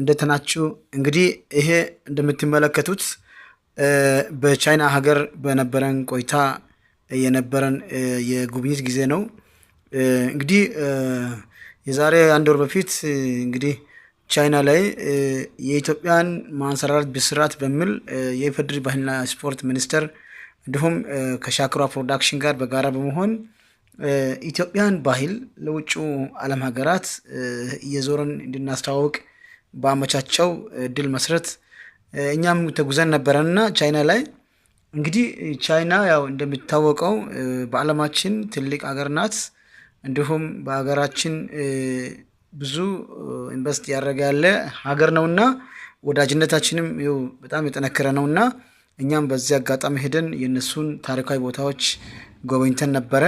እንዴት ናችሁ? እንግዲህ ይሄ እንደምትመለከቱት በቻይና ሀገር በነበረን ቆይታ የነበረን የጉብኝት ጊዜ ነው። እንግዲህ የዛሬ አንድ ወር በፊት እንግዲህ ቻይና ላይ የኢትዮጵያን ማንሰራራት ብስራት በሚል የኢፌዴሪ ባህልና ስፖርት ሚኒስቴር እንዲሁም ከሻክራ ፕሮዳክሽን ጋር በጋራ በመሆን ኢትዮጵያን ባህል ለውጭ ዓለም ሀገራት እየዞረን እንድናስተዋውቅ በአመቻቸው እድል መስረት እኛም ተጉዘን ነበረንና ቻይና ላይ እንግዲህ ቻይና ያው እንደሚታወቀው በዓለማችን ትልቅ ሀገር ናት። እንዲሁም በሀገራችን ብዙ ኢንቨስት ያደረገ ያለ ሀገር ነውና ወዳጅነታችንም ይኸው በጣም የጠነከረ ነውና እኛም በዚህ አጋጣሚ ሄደን የእነሱን ታሪካዊ ቦታዎች ጎበኝተን ነበረ።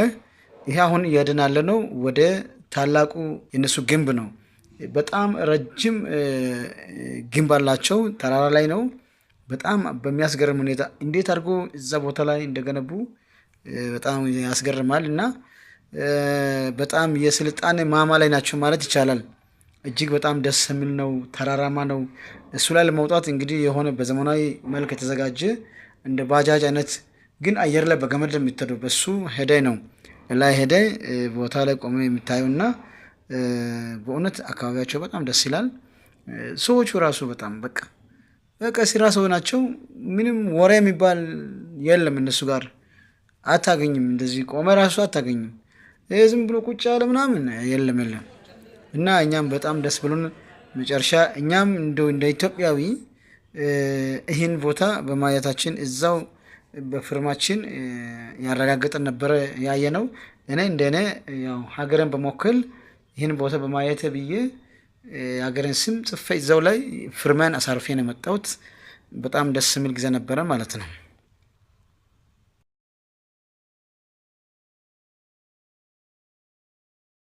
ይሄ አሁን እያደን ያለ ነው ወደ ታላቁ የእነሱ ግንብ ነው። በጣም ረጅም ግንብ አላቸው። ተራራ ላይ ነው። በጣም በሚያስገርም ሁኔታ እንዴት አድርጎ እዛ ቦታ ላይ እንደገነቡ በጣም ያስገርማል። እና በጣም የስልጣኔ ማማ ላይ ናቸው ማለት ይቻላል። እጅግ በጣም ደስ የሚል ነው። ተራራማ ነው። እሱ ላይ ለመውጣት እንግዲህ የሆነ በዘመናዊ መልክ የተዘጋጀ እንደ ባጃጅ አይነት ግን አየር ላይ በገመድ የሚተዱ በሱ ሄደ ነው ላይ ሄደ ቦታ ላይ ቆመ የሚታዩ እና በእውነት አካባቢያቸው በጣም ደስ ይላል። ሰዎቹ ራሱ በጣም በቃ በቃ ሲራ ሰው ናቸው። ምንም ወሬ የሚባል የለም እነሱ ጋር አታገኝም። እንደዚህ ቆመ ራሱ አታገኝም። ዝም ብሎ ቁጭ አለ ምናምን የለም የለም። እና እኛም በጣም ደስ ብሎን መጨረሻ እኛም እንደ ኢትዮጵያዊ ይህን ቦታ በማየታችን እዛው በፍርማችን ያረጋገጠን ነበረ ያየ ነው። እኔ እንደኔ ያው ሀገርን በመወከል ይህን ቦታ በማየት ብዬ የሀገርን ስም ጽፌ እዛው ላይ ፊርማዬን አሳርፌ ነው የመጣሁት። በጣም ደስ የሚል ጊዜ ነበረ ማለት ነው።